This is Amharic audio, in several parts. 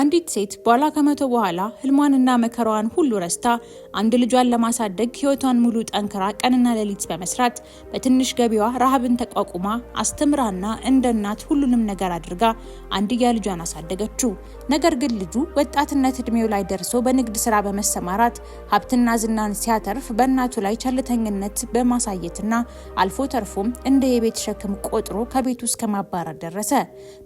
አንዲት ሴት ባሏ ከሞተ በኋላ ህልሟንና መከራዋን ሁሉ ረስታ አንድ ልጇን ለማሳደግ ህይወቷን ሙሉ ጠንክራ ቀንና ሌሊት በመስራት በትንሽ ገቢዋ ረሃብን ተቋቁማ አስተምራና እንደ እናት ሁሉንም ነገር አድርጋ አንድያ ልጇን አሳደገችው። ነገር ግን ልጁ ወጣትነት እድሜው ላይ ደርሶ በንግድ ስራ በመሰማራት ሀብትና ዝናን ሲያተርፍ በእናቱ ላይ ቸልተኝነት በማሳየትና አልፎ ተርፎም እንደ የቤት ሸክም ቆጥሮ ከቤት ውስጥ ከማባረር ደረሰ።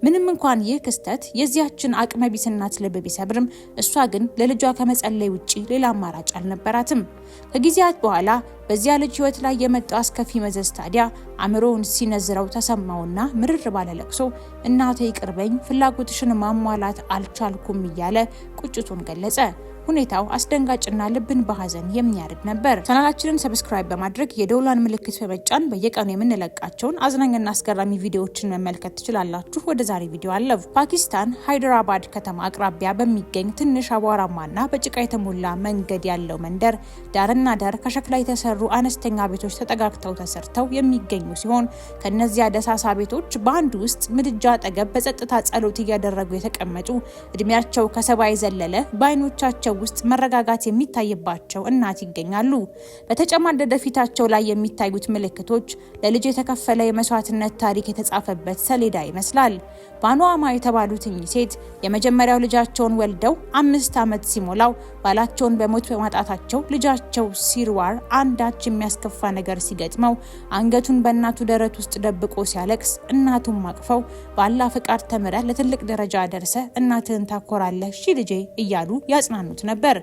ምንም እንኳን ይህ ክስተት የዚያችን አቅመ ቢስናት እናት ልብ ቢሰብርም፣ እሷ ግን ለልጇ ከመጸለይ ውጪ ሌላ አማራጭ አልነበራትም። ከጊዜያት በኋላ በዚያ ልጅ ህይወት ላይ የመጣው አስከፊ መዘዝ ታዲያ አእምሮውን ሲነዝረው ተሰማውና ምርር ባለ ለቅሶ እናቴ ይቅርበኝ፣ ፍላጎትሽን ማሟላት አልቻልኩም እያለ ቁጭቱን ገለጸ። ሁኔታው አስደንጋጭና ልብን በሀዘን የሚያርግ ነበር። ቻናላችንን ሰብስክራይብ በማድረግ የደውላን ምልክት በመጫን በየቀኑ የምንለቃቸውን አዝናኝና አስገራሚ ቪዲዮዎችን መመልከት ትችላላችሁ። ወደ ዛሬ ቪዲዮ አለፉ። ፓኪስታን ሃይደራባድ ከተማ አቅራቢያ በሚገኝ ትንሽ አቧራማና በጭቃ የተሞላ መንገድ ያለው መንደር ዳርና ዳር ከሸክላ የተሰሩ አነስተኛ ቤቶች ተጠጋግተው ተሰርተው የሚገኙ ሲሆን ከነዚያ ደሳሳ ቤቶች በአንድ ውስጥ ምድጃ አጠገብ በጸጥታ ጸሎት እያደረጉ የተቀመጡ እድሜያቸው ከሰባ የዘለለ በአይኖቻቸው ውስጥ መረጋጋት የሚታይባቸው እናት ይገኛሉ። በተጨማደደ ፊታቸው ላይ የሚታዩት ምልክቶች ለልጅ የተከፈለ የመስዋዕትነት ታሪክ የተጻፈበት ሰሌዳ ይመስላል። ባኗማ የተባሉት እኚህ ሴት የመጀመሪያው ልጃቸውን ወልደው አምስት ዓመት ሲሞላው ባላቸውን በሞት በማጣታቸው ልጃቸው ሲርዋር አንዳች የሚያስከፋ ነገር ሲገጥመው አንገቱን በእናቱ ደረት ውስጥ ደብቆ ሲያለቅስ እናቱም አቅፈው ባላ ፍቃድ ተምረ ለትልቅ ደረጃ ደርሰ እናትህን ታኮራለህ ሺ ልጄ እያሉ ያጽናኑት ነበር።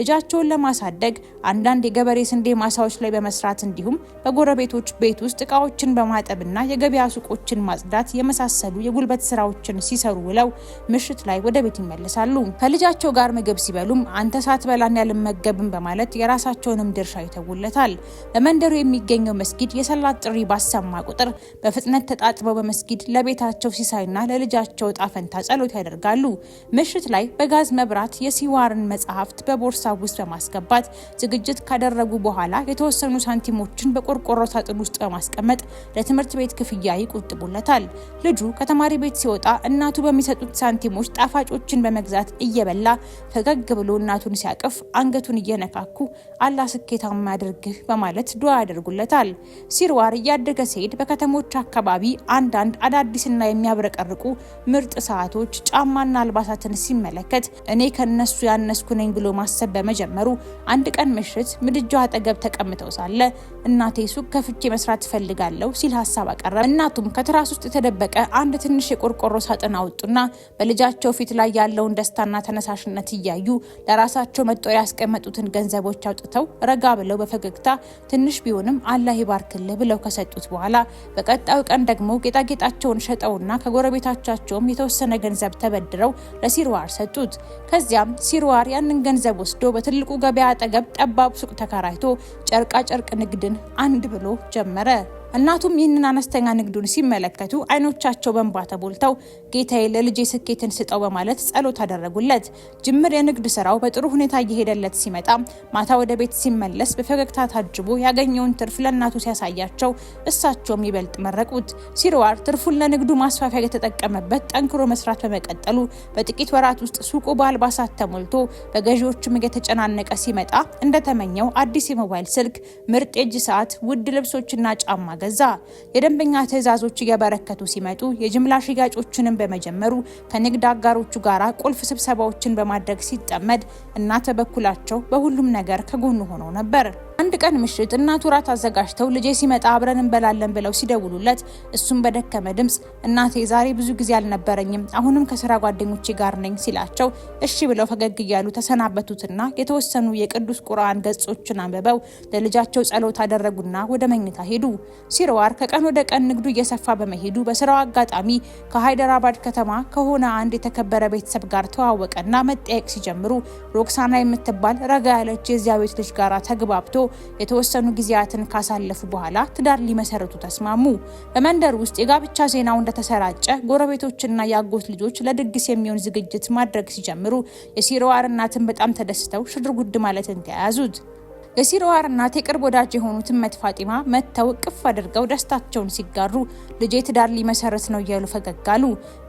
ልጃቸውን ለማሳደግ አንዳንድ የገበሬ ስንዴ ማሳዎች ላይ በመስራት እንዲሁም በጎረቤቶች ቤት ውስጥ እቃዎችን በማጠብና የገበያ ሱቆችን ማጽዳት የመሳሰሉ የጉልበት ስራዎችን ሲሰሩ ውለው ምሽት ላይ ወደ ቤት ይመለሳሉ። ከልጃቸው ጋር ምግብ ሲበሉም አንተ ሳትበላን ያልመገብን በማለት የራሳቸውንም ድርሻ ይተውለታል። በመንደሩ የሚገኘው መስጊድ የሰላት ጥሪ ባሰማ ቁጥር በፍጥነት ተጣጥበው በመስጊድ ለቤታቸው ሲሳይና ለልጃቸው ጣፈንታ ጸሎት ያደርጋሉ። ምሽት ላይ በጋዝ መብራት የሲዋርን መጽሐፍት በቦርሳ ሀሳብ ውስጥ በማስገባት ዝግጅት ካደረጉ በኋላ የተወሰኑ ሳንቲሞችን በቆርቆሮ ሳጥን ውስጥ በማስቀመጥ ለትምህርት ቤት ክፍያ ይቆጥቡለታል። ልጁ ከተማሪ ቤት ሲወጣ እናቱ በሚሰጡት ሳንቲሞች ጣፋጮችን በመግዛት እየበላ ፈገግ ብሎ እናቱን ሲያቅፍ አንገቱን እየነካኩ አላ ስኬታማ ያድርግህ በማለት ዱዓ ያደርጉለታል። ሲርዋር እያደገ ሲሄድ በከተሞች አካባቢ አንዳንድ አዳዲስና የሚያብረቀርቁ ምርጥ ሰዓቶች፣ ጫማና አልባሳትን ሲመለከት እኔ ከነሱ ያነስኩ ነኝ ብሎ ማሰብ በመጀመሩ አንድ ቀን ምሽት ምድጃው አጠገብ ተቀምጠው ሳለ እናቴ ሱቅ ከፍቼ መስራት እፈልጋለሁ ሲል ሀሳብ አቀረበ። እናቱም ከትራስ ውስጥ የተደበቀ አንድ ትንሽ የቆርቆሮ ሳጥን አወጡና በልጃቸው ፊት ላይ ያለውን ደስታና ተነሳሽነት እያዩ ለራሳቸው መጦሪያ ያስቀመጡትን ገንዘቦች አውጥተው ረጋ ብለው በፈገግታ ትንሽ ቢሆንም አላህ ይባርክልህ ብለው ከሰጡት በኋላ በቀጣዩ ቀን ደግሞ ጌጣጌጣቸውን ሸጠውና ከጎረቤቶቻቸውም የተወሰነ ገንዘብ ተበድረው ለሲርዋር ሰጡት። ከዚያም ሲርዋር ያንን ገንዘብ ወስዶ በትልቁ ገበያ አጠገብ ጠባብ ሱቅ ተከራይቶ ጨርቃጨርቅ ንግድን አንድ ብሎ ጀመረ። እናቱም ይህንን አነስተኛ ንግዱን ሲመለከቱ አይኖቻቸው በንባ ተቦልተው ጌታዬ ለልጄ ስኬትን ስጠው በማለት ጸሎት አደረጉለት። ጅምር የንግድ ስራው በጥሩ ሁኔታ እየሄደለት ሲመጣ ማታ ወደ ቤት ሲመለስ በፈገግታ ታጅቦ ያገኘውን ትርፍ ለእናቱ ሲያሳያቸው እሳቸውም ይበልጥ መረቁት። ሲሮዋር ትርፉን ለንግዱ ማስፋፊያ የተጠቀመበት ጠንክሮ መስራት በመቀጠሉ በጥቂት ወራት ውስጥ ሱቁ በአልባሳት ተሞልቶ በገዢዎቹም እየተጨናነቀ ሲመጣ እንደተመኘው አዲስ የሞባይል ስልክ፣ ምርጥ የእጅ ሰዓት፣ ውድ ልብሶችና ጫማ ገዛ። የደንበኛ ትዕዛዞች እየበረከቱ ሲመጡ የጅምላ ሽያጮችንም በመጀመሩ ከንግድ አጋሮቹ ጋር ቁልፍ ስብሰባዎችን በማድረግ ሲጠመድ እናት በኩላቸው በሁሉም ነገር ከጎኑ ሆነው ነበር። አንድ ቀን ምሽት እናቱ ራት አዘጋጅተው ልጄ ሲመጣ አብረን እንበላለን ብለው ሲደውሉለት እሱም በደከመ ድምፅ እናቴ ዛሬ ብዙ ጊዜ አልነበረኝም፣ አሁንም ከስራ ጓደኞቼ ጋር ነኝ ሲላቸው እሺ ብለው ፈገግ እያሉ ተሰናበቱትና የተወሰኑ የቅዱስ ቁርአን ገጾችን አንብበው ለልጃቸው ጸሎት አደረጉና ወደ መኝታ ሄዱ። ሲርዋር ከቀን ወደ ቀን ንግዱ እየሰፋ በመሄዱ በስራው አጋጣሚ ከሃይደራባድ ከተማ ከሆነ አንድ የተከበረ ቤተሰብ ጋር ተዋወቀና መጠያየቅ ሲጀምሩ ሮክሳና የምትባል ረጋ ያለች የዚያ ቤት ልጅ ጋር ተግባብቶ የተወሰኑ ጊዜያትን ካሳለፉ በኋላ ትዳር ሊመሰርቱ ተስማሙ። በመንደር ውስጥ የጋብቻ ዜናው እንደተሰራጨ ጎረቤቶችና የአጎት ልጆች ለድግስ የሚሆን ዝግጅት ማድረግ ሲጀምሩ የሲሮዋር እናትን በጣም ተደስተው ጉድ ማለትን ተያያዙት። የሲሮዋር እናት የቅርብ ወዳጅ የሆኑት እመት ፋጢማ መጥተው እቅፍ አድርገው ደስታቸውን ሲጋሩ ልጄ ትዳር ሊመሰረት ነው እያሉ ፈገግ አሉ።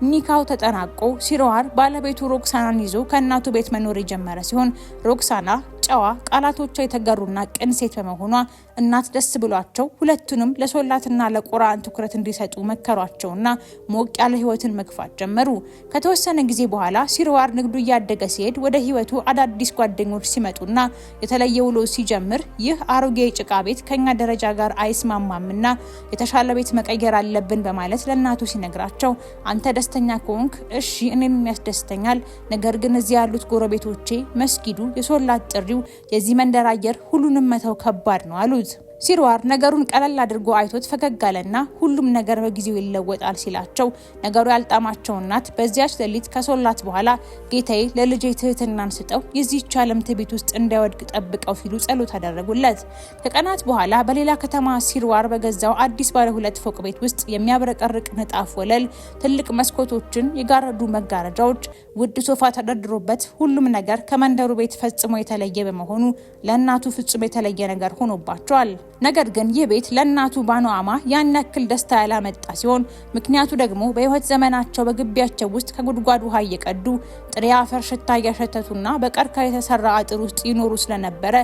ኒካው ተጠናቆ ሲሮዋር ባለቤቱ ሮክሳናን ይዞ ከእናቱ ቤት መኖር የጀመረ ሲሆን ሮክሳና ጨዋ ቃላቶቿ የተጋሩና ቅን ሴት በመሆኗ እናት ደስ ብሏቸው ሁለቱንም ለሶላትና ለቁርአን ትኩረት እንዲሰጡ መከሯቸውና ሞቅ ያለ ህይወትን መግፋት ጀመሩ። ከተወሰነ ጊዜ በኋላ ሲሮዋር ንግዱ እያደገ ሲሄድ ወደ ህይወቱ አዳዲስ ጓደኞች ሲመጡና የተለየ ውሎ ሲጀ ስንጀምር ይህ አሮጌ ጭቃ ቤት ከኛ ደረጃ ጋር አይስማማምና የተሻለ ቤት መቀየር አለብን በማለት ለእናቱ ሲነግራቸው አንተ ደስተኛ ከሆንክ እሺ እኔም ያስደስተኛል፣ ነገር ግን እዚህ ያሉት ጎረቤቶቼ፣ መስጊዱ፣ የሶላት ጥሪው፣ የዚህ መንደር አየር ሁሉንም መተው ከባድ ነው አሉት። ሲሯር ነገሩን ቀለል አድርጎ አይቶት ፈገግ አለና ሁሉም ነገር በጊዜው ይለወጣል ሲላቸው ነገሩ ያልጣማቸው እናት በዚያች ሌሊት ከሶላት በኋላ ጌታዬ ለልጄ ትህትናን ስጠው የዚህች ዓለም ቤት ውስጥ እንዳይወድቅ ጠብቀው ሲሉ ጸሎት አደረጉለት። ከቀናት በኋላ በሌላ ከተማ ሲሯር በገዛው አዲስ ባለ ሁለት ፎቅ ቤት ውስጥ የሚያብረቀርቅ ንጣፍ ወለል፣ ትልቅ መስኮቶችን የጋረዱ መጋረጃዎች፣ ውድ ሶፋ ተደርድሮበት ሁሉም ነገር ከመንደሩ ቤት ፈጽሞ የተለየ በመሆኑ ለእናቱ ፍጹም የተለየ ነገር ሆኖባቸዋል። ነገር ግን ይህ ቤት ለእናቱ ባኖአማ ያን ያክል ደስታ ያላመጣ ሲሆን ምክንያቱ ደግሞ በሕይወት ዘመናቸው በግቢያቸው ውስጥ ከጉድጓድ ውሃ እየቀዱ ጥሬ አፈር ሽታ እያሸተቱና በቀርካ የተሰራ አጥር ውስጥ ይኖሩ ስለነበረ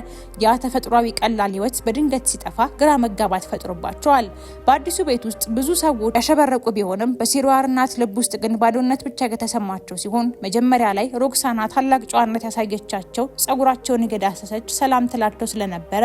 ያ ተፈጥሯዊ ቀላል ሕይወት በድንገት ሲጠፋ ግራ መጋባት ፈጥሮባቸዋል። በአዲሱ ቤት ውስጥ ብዙ ሰዎች ያሸበረቁ ቢሆንም በሲሮዋር እናት ልብ ውስጥ ግን ባዶነት ብቻ የተሰማቸው ሲሆን መጀመሪያ ላይ ሮክሳና ታላቅ ጨዋነት ያሳየቻቸው ጸጉራቸውን የገዳሰሰች ሰላም ትላቸው ስለነበረ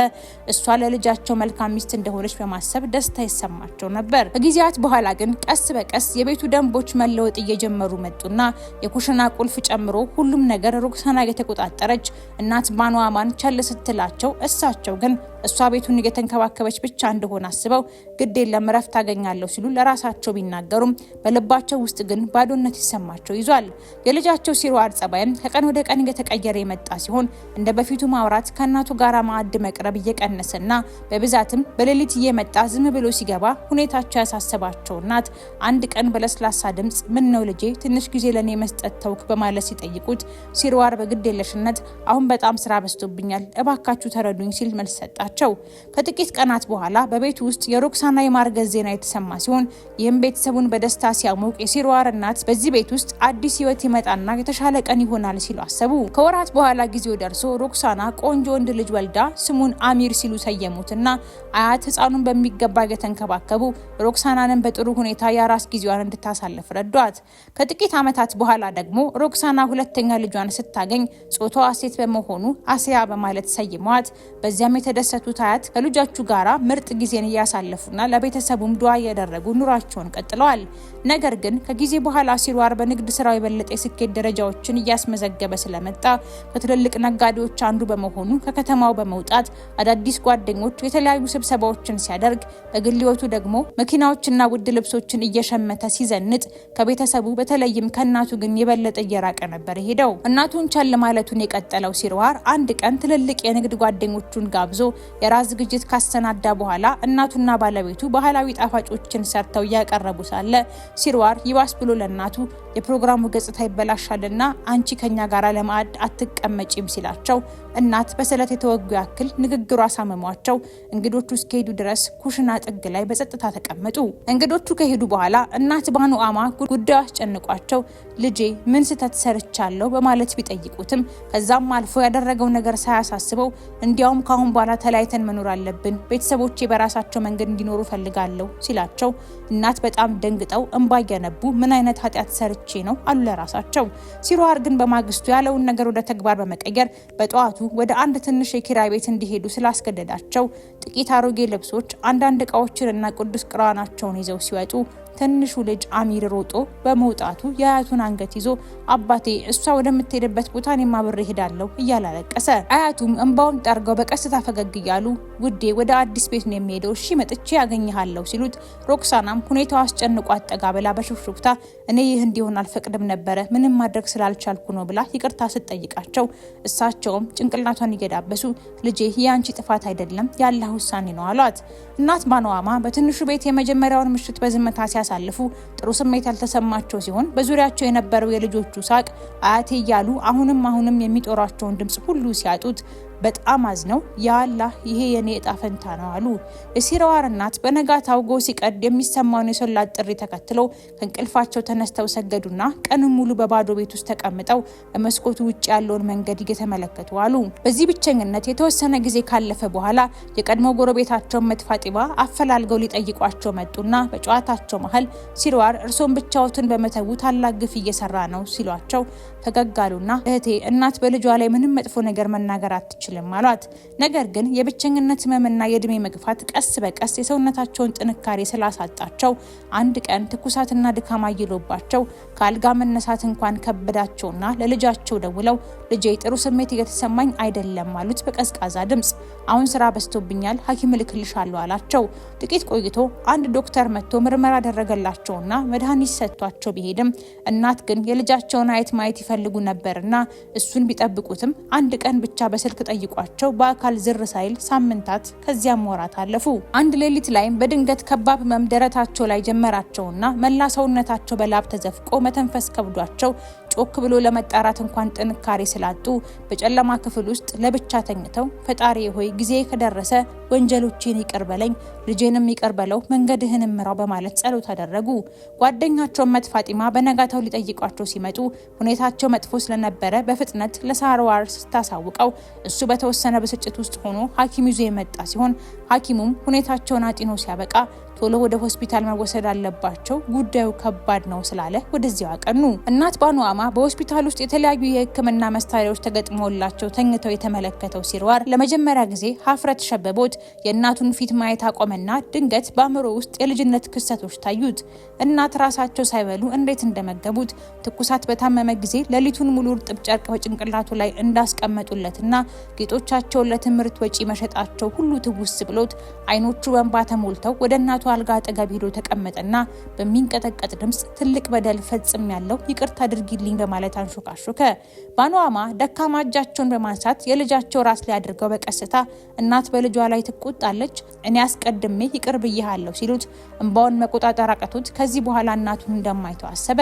እሷ ለልጃቸው መልካም ሚስት እንደሆነች በማሰብ ደስታ ይሰማቸው ነበር። ከጊዜያት በኋላ ግን ቀስ በቀስ የቤቱ ደንቦች መለወጥ እየጀመሩ መጡና የኩሽና ቁልፍ ጨምሮ ሁሉም ነገር ሮክሳና እየተቆጣጠረች እናት ባኗማን ቸል ስትላቸው እሳቸው ግን እሷ ቤቱን እየተንከባከበች ብቻ እንደሆነ አስበው ግድ የለም እረፍት አገኛለሁ ሲሉ ለራሳቸው ቢናገሩም በልባቸው ውስጥ ግን ባዶነት ይሰማቸው ይዟል። የልጃቸው ሲሮአድ ጸባይም ከቀን ወደ ቀን እየተቀየረ የመጣ ሲሆን እንደ በፊቱ ማውራት፣ ከእናቱ ጋራ ማዕድ መቅረብ እየቀነሰና በብዛ በብዛትም በሌሊት እየመጣ ዝም ብሎ ሲገባ ሁኔታቸው ያሳሰባቸው እናት አንድ ቀን በለስላሳ ድምፅ ምን ነው ልጄ ትንሽ ጊዜ ለእኔ መስጠት ተውክ በማለት ሲጠይቁት ሲርዋር በግድ የለሽነት አሁን በጣም ስራ በዝቶብኛል እባካችሁ ተረዱኝ ሲል መልስ ሰጣቸው። ከጥቂት ቀናት በኋላ በቤት ውስጥ የሮክሳና የማርገዝ ዜና የተሰማ ሲሆን ይህም ቤተሰቡን በደስታ ሲያሞቅ የሲርዋር እናት በዚህ ቤት ውስጥ አዲስ ህይወት ይመጣና የተሻለ ቀን ይሆናል ሲሉ አሰቡ። ከወራት በኋላ ጊዜው ደርሶ ሮክሳና ቆንጆ ወንድ ልጅ ወልዳ ስሙን አሚር ሲሉ ሰየሙትና አያት ህፃኑን በሚገባ እየተንከባከቡ ሮክሳናንን በጥሩ ሁኔታ የአራስ ጊዜዋን እንድታሳልፍ ረዷት። ከጥቂት ዓመታት በኋላ ደግሞ ሮክሳና ሁለተኛ ልጇን ስታገኝ ጾታዋ ሴት በመሆኑ አስያ በማለት ሰይመዋት። በዚያም የተደሰቱት አያት ከልጃችሁ ጋራ ምርጥ ጊዜን እያሳለፉና ለቤተሰቡም ድዋ እያደረጉ ኑሯቸውን ቀጥለዋል። ነገር ግን ከጊዜ በኋላ ሲሯር በንግድ ስራው የበለጠ የስኬት ደረጃዎችን እያስመዘገበ ስለመጣ ከትልልቅ ነጋዴዎች አንዱ በመሆኑ ከከተማው በመውጣት አዳዲስ ጓደኞች የተለያዩ የተለያዩ ስብሰባዎችን ሲያደርግ፣ በግል ደግሞ መኪናዎችና ውድ ልብሶችን እየሸመተ ሲዘንጥ ከቤተሰቡ በተለይም ከእናቱ ግን የበለጠ እየራቀ ነበር ሄደው። እናቱን ቸል ማለቱን የቀጠለው ሲርዋር አንድ ቀን ትልልቅ የንግድ ጓደኞቹን ጋብዞ የራስ ዝግጅት ካሰናዳ በኋላ እናቱና ባለቤቱ ባህላዊ ጣፋጮችን ሰርተው እያቀረቡ ሳለ ሲርዋር ይባስ ብሎ ለእናቱ የፕሮግራሙ ገጽታ ይበላሻልና አንቺ ከኛ ጋር ለማዕድ አትቀመጪም ሲላቸው እናት በስለት የተወጉ ያክል ንግግሩ አሳምሟቸው እንግዶቹ እስከሄዱ ድረስ ኩሽና ጥግ ላይ በጸጥታ ተቀመጡ። እንግዶቹ ከሄዱ በኋላ እናት ባኑ አማ ጉዳዩ አስጨንቋቸው ልጄ ምን ስህተት ሰርቻለሁ በማለት ቢጠይቁትም ከዛም አልፎ ያደረገው ነገር ሳያሳስበው እንዲያውም ከአሁን በኋላ ተለያይተን መኖር አለብን፣ ቤተሰቦቼ በራሳቸው መንገድ እንዲኖሩ ፈልጋለሁ ሲላቸው እናት በጣም ደንግጠው እንባ እያነቡ ምን አይነት ኃጢአት ሰርቼ ነው አሉ ለራሳቸው። ሲሯር ግን በማግስቱ ያለውን ነገር ወደ ተግባር በመቀየር በጠዋቱ ወደ አንድ ትንሽ የኪራይ ቤት እንዲሄዱ ስላስገደዳቸው ጥቂት አሮጌ ልብሶች፣ አንዳንድ ዕቃዎችን እና ቅዱስ ቅራናቸውን ይዘው ሲወጡ ትንሹ ልጅ አሚር ሮጦ በመውጣቱ የአያቱን አንገት ይዞ አባቴ እሷ ወደምትሄድበት ቦታ እኔም አብሬ እሄዳለሁ እያለ አለቀሰ። አያቱም እንባውን ጠርገው በቀስታ ፈገግ እያሉ ውዴ ወደ አዲስ ቤት ነው የሚሄደው፣ እሺ መጥቼ ያገኘሃለሁ ሲሉት ሮክሳናም ሁኔታው አስጨንቆ ጠጋ ብላ በሹክሹክታ እኔ ይህ እንዲሆን አልፈቅድም ነበረ ምንም ማድረግ ስላልቻልኩ ነው ብላ ይቅርታ ስትጠይቃቸው እሳቸውም ጭንቅላቷን እየዳበሱ ልጄ የአንቺ ጥፋት አይደለም ያለ ውሳኔ ነው አሏት። እናት ባኖዋማ በትንሹ ቤት የመጀመሪያውን ምሽት በዝምታ ሲያ ሲያሳልፉ ጥሩ ስሜት ያልተሰማቸው ሲሆን በዙሪያቸው የነበረው የልጆቹ ሳቅ አያቴ እያሉ አሁንም አሁንም የሚጦሯቸውን ድምፅ ሁሉ ሲያጡት በጣም አዝነው ያአላህ ይሄ የኔ እጣ ፈንታ ነው አሉ። የሲራዋር እናት በነጋታው ጎህ ሲቀድ የሚሰማውን የሶላት ጥሪ ተከትለው ከእንቅልፋቸው ተነስተው ሰገዱና ቀኑን ሙሉ በባዶ ቤት ውስጥ ተቀምጠው በመስኮቱ ውጭ ያለውን መንገድ እየተመለከቱ አሉ። በዚህ ብቸኝነት የተወሰነ ጊዜ ካለፈ በኋላ የቀድሞ ጎረቤታቸውን መጥፋጢባ አፈላልገው ሊጠይቋቸው መጡና በጨዋታቸው መሀል ሲርዋር እርሶን ብቻዎትን በመተዉ ታላቅ ግፍ እየሰራ ነው ሲሏቸው ፈገግ አሉና እህቴ እናት በልጇ ላይ ምንም መጥፎ ነገር መናገር አትችል አልችልም አሏት። ነገር ግን የብቸኝነት ህመምና የእድሜ መግፋት ቀስ በቀስ የሰውነታቸውን ጥንካሬ ስላሳጣቸው አንድ ቀን ትኩሳትና ድካም አይሎባቸው ከአልጋ መነሳት እንኳን ከበዳቸውና ለልጃቸው ደውለው ልጄ ጥሩ ስሜት እየተሰማኝ አይደለም አሉት በቀዝቃዛ ድምፅ። አሁን ስራ በዝቶብኛል፣ ሐኪም እልክልሻለሁ አላቸው። ጥቂት ቆይቶ አንድ ዶክተር መጥቶ ምርመራ አደረገላቸውና መድኃኒት ሰጥቷቸው ቢሄድም እናት ግን የልጃቸውን አየት ማየት ይፈልጉ ነበርና እሱን ቢጠብቁትም አንድ ቀን ብቻ በስልክ ጠይቋቸው በአካል ዝር ሳይል ሳምንታት ከዚያም ወራት አለፉ። አንድ ሌሊት ላይም በድንገት ከባድ ህመም ደረታቸው ላይ ጀመራቸውና መላ ሰውነታቸው በላብ ተዘፍቆ መተንፈስ ከብዷቸው ጮክ ብሎ ለመጣራት እንኳን ጥንካሬ ስላጡ በጨለማ ክፍል ውስጥ ለብቻ ተኝተው ፈጣሪ ሆይ ጊዜ ከደረሰ ወንጀሎችን ይቅር በለኝ፣ ልጄንም ይቅር በለው፣ መንገድህን ምራው በማለት ጸሎት አደረጉ። ጓደኛቸውን መት ፋጢማ በነጋታው ሊጠይቋቸው ሲመጡ ሁኔታቸው መጥፎ ስለነበረ በፍጥነት ለሳርዋር ስታሳውቀው እሱ በተወሰነ ብስጭት ውስጥ ሆኖ ሐኪም ይዞ የመጣ ሲሆን ሐኪሙም ሁኔታቸውን አጢኖ ሲያበቃ ቶሎ ወደ ሆስፒታል መወሰድ አለባቸው፣ ጉዳዩ ከባድ ነው ስላለ ወደዚያው አቀኑ። እናት ባኑአማ በሆስፒታል ውስጥ የተለያዩ የህክምና መሳሪያዎች ተገጥመውላቸው ተኝተው የተመለከተው ሲርዋር ለመጀመሪያ ጊዜ ሀፍረት ሸበቦት የእናቱን ፊት ማየት አቆመና ድንገት በአእምሮ ውስጥ የልጅነት ክስተቶች ታዩት። እናት ራሳቸው ሳይበሉ እንዴት እንደመገቡት ትኩሳት በታመመ ጊዜ ሌሊቱን ሙሉ እርጥብ ጨርቅ በጭንቅላቱ ላይ እንዳስቀመጡለትና ጌጦቻቸውን ለትምህርት ወጪ መሸጣቸው ሁሉ ትውስ ብሎት አይኖቹ በእንባ ተሞልተው ወደ እናቱ አልጋ አጠገብ ሄዶ ተቀመጠና በሚንቀጠቀጥ ድምፅ ትልቅ በደል ፈጽም ያለው ይቅርታ አድርጊልኝ በማለት አንሾካሾከ። ባኗማ ደካማ እጃቸውን በማንሳት የልጃቸው ራስ ላይ አድርገው በቀስታ እናት በልጇ ላይ ትቆጣለች። እኔ አስቀድሜ ይቅር ብያለሁ ሲሉት እንባውን መቆጣጠር አቀቱት። ከዚህ በኋላ እናቱን እንደማይተው አሰበ።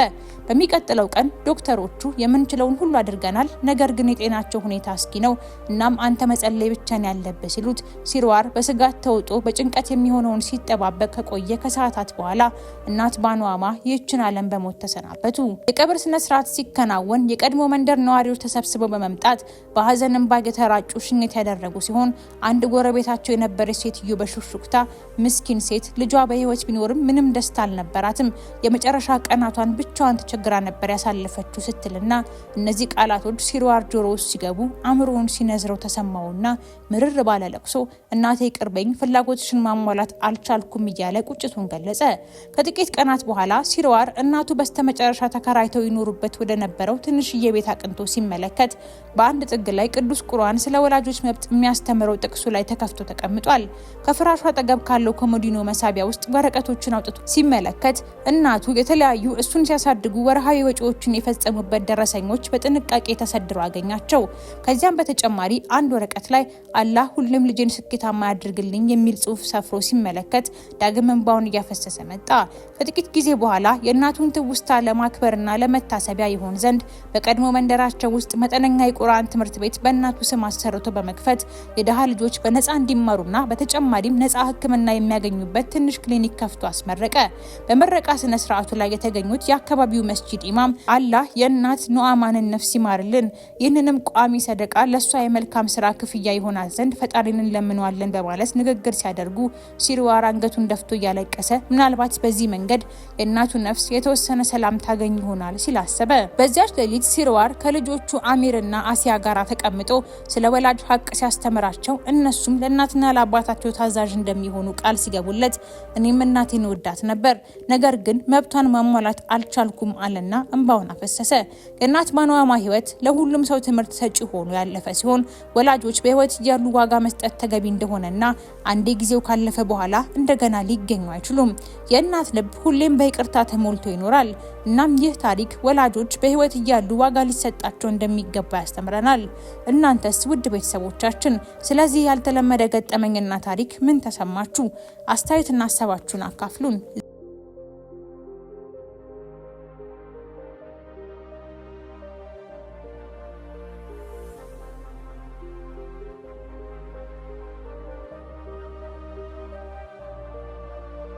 በሚቀጥለው ቀን ዶክተሮቹ የምንችለውን ሁሉ አድርገናል፣ ነገር ግን የጤናቸው ሁኔታ አስጊ ነው። እናም አንተ መጸለይ ብቻ ነው ያለብህ ሲሉት ሲሯር በስጋት ተውጦ በጭንቀት የሚሆነውን ሲጠባበቅ ከቆየ ከሰዓታት በኋላ እናት ባኗማ ይህችን ዓለም በሞት ተሰናበቱ። የቀብር ስነ ስርዓት ሲከናወን የቀድሞ መንደር ነዋሪዎች ተሰብስበው በመምጣት በሀዘን እንባ የተራጩ ሽኝት ያደረጉ ሲሆን አንድ ጎረቤታቸው የነበረች ሴትዮ በሹክሹክታ ምስኪን ሴት ልጇ በህይወት ቢኖርም ምንም ደስታ አልነበራትም፣ የመጨረሻ ቀናቷን ብቻዋን ተቸግራ ነበር ያሳለፈችው ስትልና እነዚህ ቃላቶች ሲሮዋር ጆሮ ውስጥ ሲገቡ አእምሮውን ሲነዝረው ተሰማውና ምርር ባለ ለቅሶ እናቴ ቅርበኝ፣ ፍላጎትሽን ማሟላት አልቻልኩም እያለ እያለ ቁጭቱን ገለጸ። ከጥቂት ቀናት በኋላ ሲርዋር እናቱ በስተመጨረሻ ተከራይተው ይኖሩበት ወደ ነበረው ትንሽዬ ቤት አቅንቶ ሲመለከት በአንድ ጥግ ላይ ቅዱስ ቁርአን ስለ ወላጆች መብት የሚያስተምረው ጥቅሱ ላይ ተከፍቶ ተቀምጧል። ከፍራሹ አጠገብ ካለው ኮሞዲኖ መሳቢያ ውስጥ ወረቀቶችን አውጥቶ ሲመለከት እናቱ የተለያዩ እሱን ሲያሳድጉ ወርሃዊ ወጪዎችን የፈጸሙበት ደረሰኞች በጥንቃቄ ተሰድረው አገኛቸው። ከዚያም በተጨማሪ አንድ ወረቀት ላይ አላህ ሁሉም ልጅን ስኬታማ ያድርግልኝ የሚል ጽሑፍ ሰፍሮ ሲመለከት ዳግም እንባውን እያፈሰሰ መጣ። ከጥቂት ጊዜ በኋላ የእናቱን ትውስታ ለማክበርና ለመታሰቢያ ይሆን ዘንድ በቀድሞ መንደራቸው ውስጥ መጠነኛ የቁርአን ትምህርት ቤት በእናቱ ስም አሰርቶ በመክፈት የድሃ ልጆች በነፃ እንዲማሩና በተጨማሪም ነፃ ሕክምና የሚያገኙበት ትንሽ ክሊኒክ ከፍቶ አስመረቀ። በመረቃ ስነ ስርዓቱ ላይ የተገኙት የአካባቢው መስጂድ ኢማም አላህ የእናት ኑአማንን ነፍስ ይማርልን፣ ይህንንም ቋሚ ሰደቃ ለእሷ የመልካም ስራ ክፍያ ይሆናል ዘንድ ፈጣሪን ለምነዋለን በማለት ንግግር ሲያደርጉ አንገቱ እንደ ተደፍቶ እያለቀሰ ምናልባት በዚህ መንገድ የእናቱ ነፍስ የተወሰነ ሰላም ታገኝ ይሆናል ሲል አሰበ። በዚያች ሌሊት ሲርዋር ከልጆቹ አሚርና አሲያ ጋር ተቀምጦ ስለ ወላጅ ሀቅ ሲያስተምራቸው እነሱም ለእናትና ለአባታቸው ታዛዥ እንደሚሆኑ ቃል ሲገቡለት እኔም እናቴን ወዳት ነበር፣ ነገር ግን መብቷን ማሟላት አልቻልኩም አለና እንባውን አፈሰሰ። የእናት ማንዋማ ህይወት ለሁሉም ሰው ትምህርት ሰጪ ሆኖ ያለፈ ሲሆን ወላጆች በህይወት እያሉ ዋጋ መስጠት ተገቢ እንደሆነና አንዴ ጊዜው ካለፈ በኋላ እንደገና ሊገኙ አይችሉም። የእናት ልብ ሁሌም በይቅርታ ተሞልቶ ይኖራል። እናም ይህ ታሪክ ወላጆች በሕይወት እያሉ ዋጋ ሊሰጣቸው እንደሚገባ ያስተምረናል። እናንተስ ውድ ቤተሰቦቻችን ስለዚህ ያልተለመደ ገጠመኝና ታሪክ ምን ተሰማችሁ? አስተያየትና ሀሳባችሁን አካፍሉን።